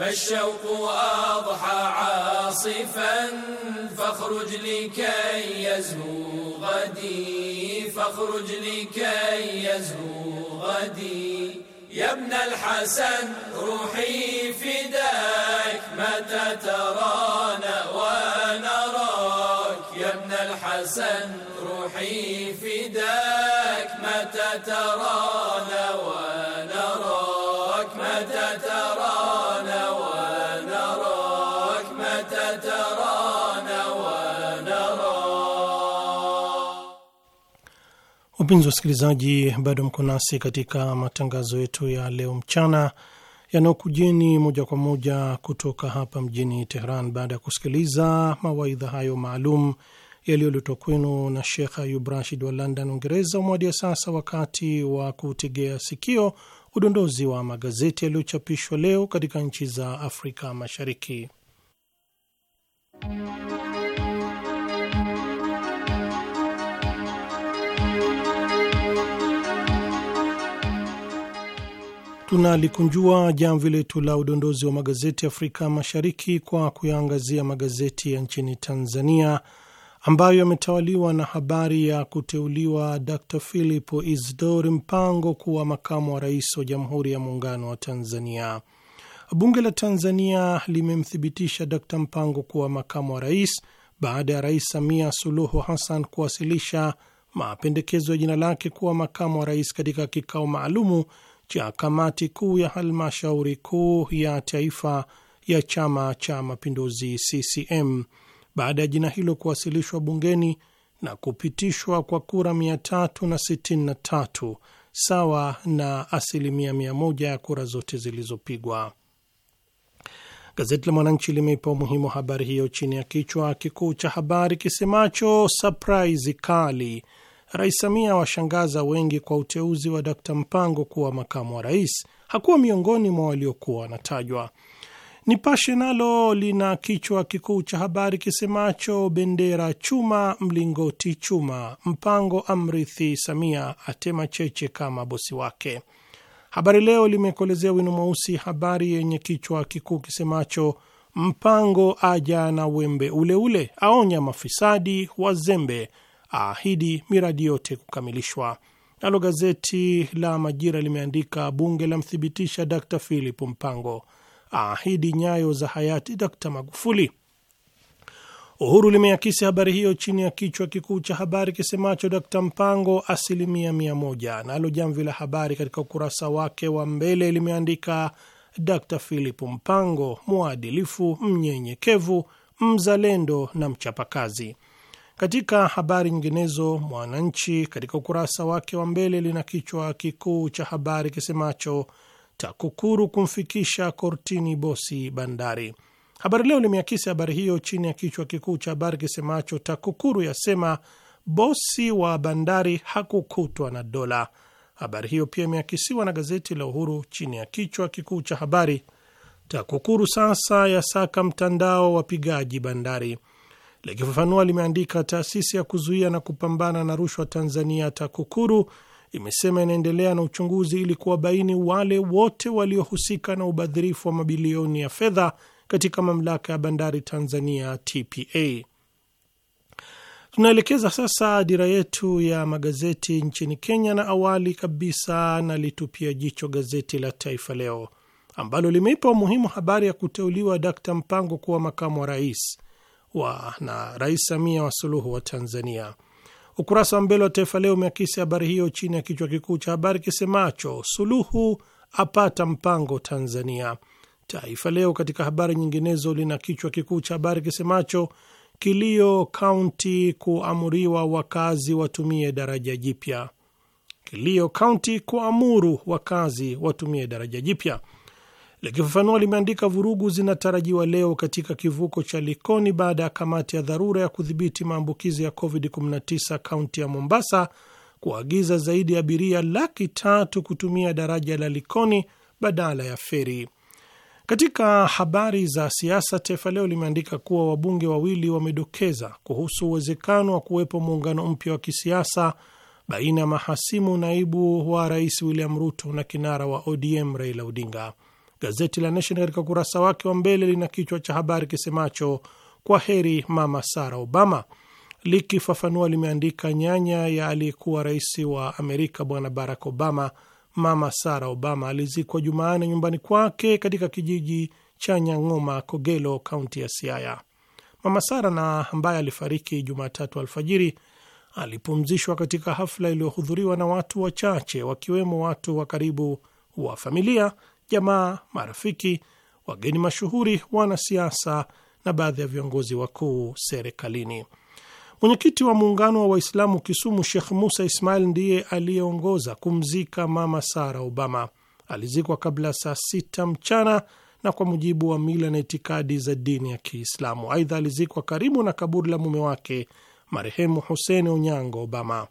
فالشوق أضحى عاصفا فاخرج لكي يزهو غدي فاخرج لكي يزهو غدي يا ابن الحسن روحي فداك متى ترانا ونراك يا ابن الحسن روحي فداك متى ترانا ونراك Wapenzi wasikilizaji, bado mko nasi katika matangazo yetu ya leo mchana yanayokujeni moja kwa moja kutoka hapa mjini Teheran, baada ya kusikiliza mawaidha hayo maalum yaliyoletwa kwenu na Shekh Ayub Rashid wa London, Uingereza. Umewadia sasa wakati wa kutegea sikio udondozi wa magazeti yaliyochapishwa leo katika nchi za Afrika Mashariki. Tunalikunjua jamvi letu la udondozi wa magazeti Afrika Mashariki kwa kuyaangazia magazeti ya nchini Tanzania ambayo yametawaliwa na habari ya kuteuliwa Dr Philip Isdor Mpango kuwa makamu wa rais wa Jamhuri ya Muungano wa Tanzania. Bunge la Tanzania limemthibitisha Dr Mpango kuwa makamu wa rais baada ya Rais Samia Suluhu Hassan kuwasilisha mapendekezo ya jina lake kuwa makamu wa rais katika kikao maalumu cha kamati kuu ya halmashauri kuu ya taifa ya Chama cha Mapinduzi CCM baada ya jina hilo kuwasilishwa bungeni na kupitishwa kwa kura 363 sawa na asilimia 1 ya kura zote zilizopigwa. Gazeti la Mwananchi limeipa umuhimu habari hiyo chini ya kichwa kikuu cha habari kisemacho surprise kali Rais Samia washangaza wengi kwa uteuzi wa Dkt Mpango kuwa makamu wa rais. Hakuwa miongoni mwa waliokuwa wanatajwa. Nipashe nalo lina kichwa kikuu cha habari kisemacho bendera chuma mlingoti chuma, Mpango amrithi Samia, atema cheche kama bosi wake. Habari Leo limekolezea wino mweusi habari yenye kichwa kikuu kisemacho Mpango aja na wembe uleule ule, aonya mafisadi wazembe aahidi miradi yote kukamilishwa. Nalo gazeti la Majira limeandika bunge lamthibitisha Dkt Philip Mpango, aahidi nyayo za hayati Dkt Magufuli. Uhuru limeakisi habari hiyo chini ya kichwa kikuu cha habari kisemacho Dkt Mpango asilimia mia moja. Nalo Jamvi la Habari katika ukurasa wake wa mbele limeandika Dkt Philip Mpango mwadilifu, mnyenyekevu, mzalendo na mchapakazi. Katika habari nyinginezo, Mwananchi katika ukurasa wake wa mbele lina kichwa kikuu cha habari kisemacho TAKUKURU kumfikisha kortini bosi bandari. Habari Leo limeakisi habari hiyo chini ya kichwa kikuu cha habari kisemacho TAKUKURU yasema bosi wa bandari hakukutwa na dola. Habari hiyo pia imeakisiwa na gazeti la Uhuru chini ya kichwa kikuu cha habari TAKUKURU sasa yasaka mtandao wapigaji bandari. Likifafanua, limeandika taasisi ya kuzuia na kupambana na rushwa Tanzania, TAKUKURU, imesema inaendelea na uchunguzi ili kuwabaini wale wote waliohusika na ubadhirifu wa mabilioni ya fedha katika mamlaka ya bandari Tanzania, TPA. Tunaelekeza sasa dira yetu ya magazeti nchini Kenya, na awali kabisa nalitupia jicho gazeti la Taifa Leo ambalo limeipa umuhimu habari ya kuteuliwa Dkt Mpango kuwa makamu wa rais wa na Rais Samia wa Suluhu wa Tanzania. Ukurasa wa mbele wa Taifa Leo umeakisi habari hiyo chini ya kichwa kikuu cha habari kisemacho Suluhu apata mpango Tanzania. Taifa Leo katika habari nyinginezo lina kichwa kikuu cha habari kisemacho kilio kaunti kuamuriwa wakazi watumie daraja jipya. Kilio kaunti kuamuru wakazi watumie daraja jipya. Likifafanua limeandika vurugu zinatarajiwa leo katika kivuko cha Likoni baada ya kamati ya dharura ya kudhibiti maambukizi ya COVID-19 kaunti ya Mombasa kuagiza zaidi ya abiria laki tatu kutumia daraja la Likoni badala ya feri. Katika habari za siasa, Taifa Leo limeandika kuwa wabunge wawili wamedokeza kuhusu uwezekano wa kuwepo muungano mpya wa kisiasa baina ya mahasimu naibu wa rais William Ruto na kinara wa ODM Raila Odinga. Gazeti la Nation katika ukurasa wake wa mbele lina kichwa cha habari kisemacho kwa heri Mama Sara Obama. Likifafanua limeandika nyanya ya aliyekuwa rais wa Amerika Bwana Barack Obama, Mama Sara Obama alizikwa Jumanne nyumbani kwake katika kijiji cha Nyang'oma, Kogelo, kaunti ya Siaya. Mama Sara na ambaye alifariki Jumatatu alfajiri alipumzishwa katika hafla iliyohudhuriwa na watu wachache wakiwemo watu wa karibu wa familia jamaa, marafiki, wageni mashuhuri, wanasiasa na baadhi ya viongozi wakuu serikalini. Mwenyekiti wa muungano wa Waislamu Kisumu, Shekh Musa Ismail ndiye aliyeongoza kumzika Mama Sara Obama. Alizikwa kabla saa sita mchana na kwa mujibu wa mila na itikadi za dini ya Kiislamu. Aidha, alizikwa karibu na kaburi la mume wake marehemu Hussein Onyango Obama.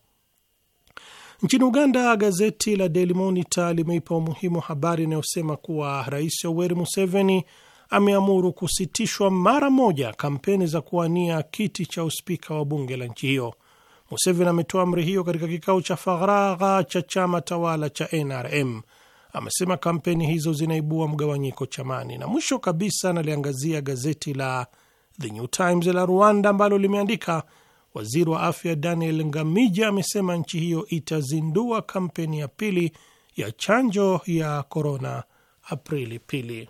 Nchini Uganda, gazeti la Daily Monitor limeipa umuhimu habari inayosema kuwa Rais Yoweri Museveni ameamuru kusitishwa mara moja kampeni za kuwania kiti cha uspika wa bunge la nchi hiyo. Museveni ametoa amri hiyo katika kikao cha faragha cha chama tawala cha NRM. Amesema kampeni hizo zinaibua mgawanyiko chamani. Na mwisho kabisa, analiangazia gazeti la The New Times la Rwanda ambalo limeandika Waziri wa afya Daniel Ngamija amesema nchi hiyo itazindua kampeni ya pili ya chanjo ya korona Aprili pili.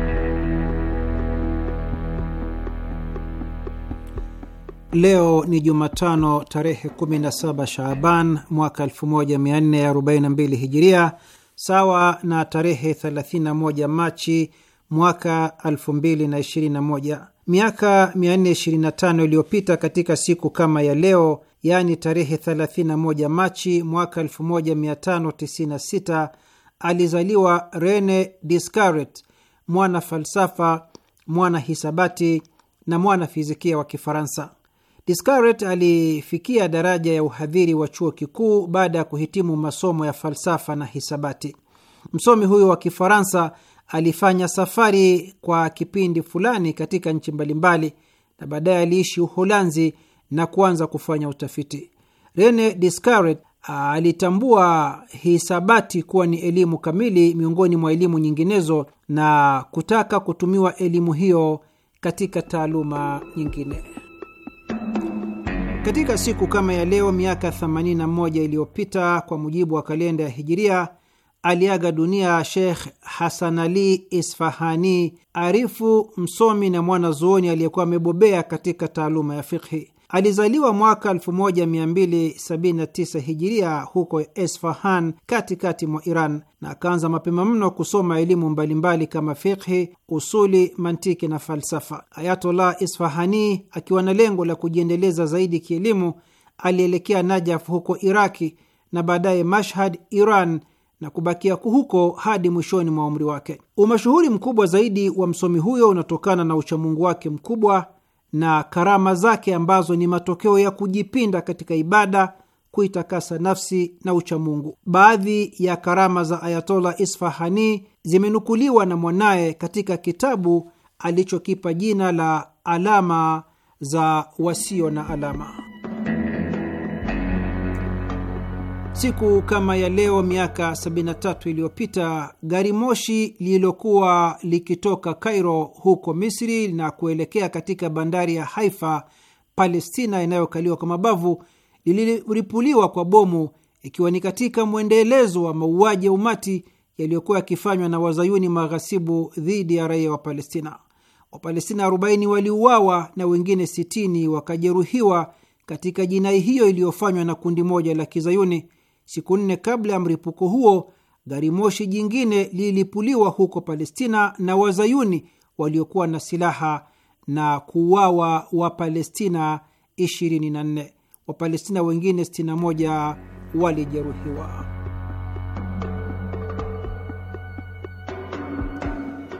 Leo ni Jumatano tarehe 17 Shaaban mwaka 1442 Hijiria, sawa na tarehe 31 Machi mwaka 2021. Miaka 425 iliyopita katika siku kama ya leo, yaani tarehe 31 Machi mwaka 1596, alizaliwa Rene Descartes, mwana falsafa, mwana hisabati na mwana fizikia wa Kifaransa. Descartes alifikia daraja ya uhadhiri wa chuo kikuu baada ya kuhitimu masomo ya falsafa na hisabati. Msomi huyo wa Kifaransa alifanya safari kwa kipindi fulani katika nchi mbalimbali na baadaye aliishi Uholanzi na kuanza kufanya utafiti. Rene Descartes alitambua hisabati kuwa ni elimu kamili miongoni mwa elimu nyinginezo na kutaka kutumiwa elimu hiyo katika taaluma nyingine. Katika siku kama ya leo miaka 81 iliyopita kwa mujibu wa kalenda ya Hijiria, aliaga dunia Sheikh Hasan Ali Isfahani, arifu msomi na mwanazuoni aliyekuwa amebobea katika taaluma ya fikhi. Alizaliwa mwaka 1279 hijiria huko Esfahan katikati mwa Iran na akaanza mapema mno kusoma elimu mbalimbali kama fikhi, usuli, mantiki na falsafa. Ayatollah Isfahani akiwa na lengo la kujiendeleza zaidi kielimu alielekea Najaf huko Iraki na baadaye Mashhad, Iran na kubakia huko hadi mwishoni mwa umri wake. Umashuhuri mkubwa zaidi wa msomi huyo unatokana na uchamungu wake mkubwa na karama zake ambazo ni matokeo ya kujipinda katika ibada, kuitakasa nafsi na uchamungu. Baadhi ya karama za Ayatola Isfahani zimenukuliwa na mwanaye katika kitabu alichokipa jina la Alama za Wasio na Alama. Siku kama ya leo miaka 73 iliyopita gari moshi lililokuwa likitoka cairo huko Misri na kuelekea katika bandari ya Haifa, Palestina inayokaliwa kwa mabavu liliripuliwa kwa bomu, ikiwa ni katika mwendelezo wa mauaji ya umati yaliyokuwa yakifanywa na wazayuni maghasibu dhidi ya raia wa Palestina. Wapalestina 40 waliuawa na wengine 60 wakajeruhiwa katika jinai hiyo iliyofanywa na kundi moja la kizayuni. Siku nne kabla ya mlipuko huo, gari moshi jingine lilipuliwa huko Palestina na wazayuni waliokuwa na silaha na kuuawa Wapalestina 24. Wapalestina wengine 61 walijeruhiwa.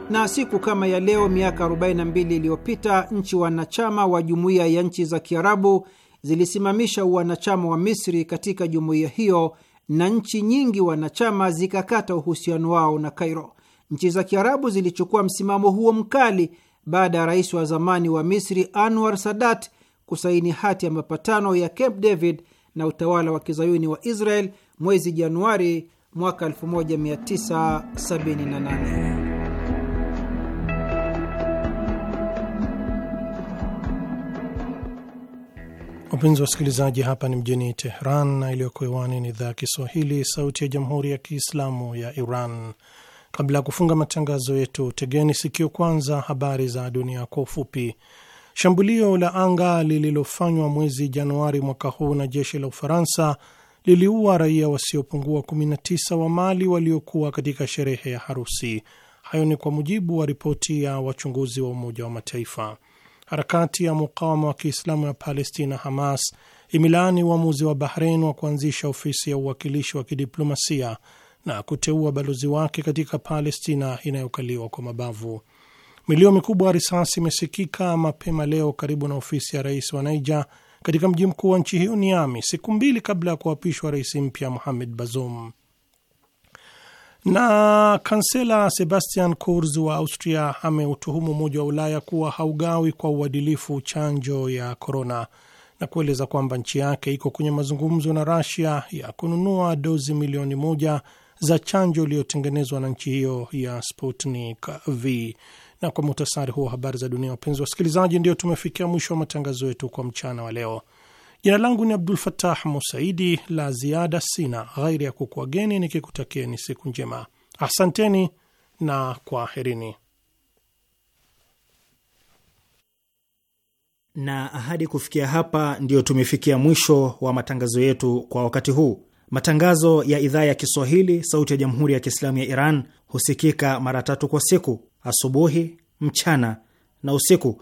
na siku kama ya leo miaka 42 iliyopita nchi wanachama wa jumuiya ya nchi za Kiarabu zilisimamisha wanachama wa Misri katika jumuiya hiyo na nchi nyingi wanachama zikakata uhusiano wao na Kairo. Nchi za Kiarabu zilichukua msimamo huo mkali baada ya rais wa zamani wa Misri Anwar Sadat kusaini hati ya mapatano ya Camp David na utawala wa kizayuni wa Israel mwezi Januari mwaka 1978. Wapenzi wa wasikilizaji, hapa ni mjini Tehran na iliyoko hewani ni idhaa ya Kiswahili, sauti ya jamhuri ya kiislamu ya Iran. Kabla ya kufunga matangazo yetu, tegeni sikio kwanza habari za dunia kwa ufupi. Shambulio la anga lililofanywa mwezi Januari mwaka huu na jeshi la Ufaransa liliua raia wasiopungua 19 wa Mali waliokuwa katika sherehe ya harusi. Hayo ni kwa mujibu wa ripoti ya wachunguzi wa Umoja wa Mataifa. Harakati ya mukawama wa Kiislamu ya Palestina, Hamas, imelaani uamuzi wa Bahrein wa kuanzisha ofisi ya uwakilishi wa kidiplomasia na kuteua balozi wake katika Palestina inayokaliwa kwa mabavu. Milio mikubwa ya risasi imesikika mapema leo karibu na ofisi ya rais wa Niger katika mji mkuu wa nchi hiyo Niamey, siku mbili kabla ya kuapishwa rais mpya Mohamed Bazoum. Na kansela Sebastian Kurz wa Austria ameutuhumu Umoja wa Ulaya kuwa haugawi kwa uadilifu chanjo ya korona na kueleza kwamba nchi yake iko kwenye mazungumzo na Rasia ya kununua dozi milioni moja za chanjo iliyotengenezwa na nchi hiyo ya Sputnik V. Na kwa muhtasari huo habari za dunia, wapenzi wasikilizaji, ndio tumefikia mwisho wa matangazo yetu kwa mchana wa leo. Jina langu ni Abdul fatah Musaidi. La ziada sina ghairi ya kukuageni nikikutakieni siku njema. Asanteni na kwaherini. Na ahadi kufikia hapa, ndiyo tumefikia mwisho wa matangazo yetu kwa wakati huu. Matangazo ya idhaa ya Kiswahili sauti ya Jamhuri ya Kiislamu ya Iran husikika mara tatu kwa siku: asubuhi, mchana na usiku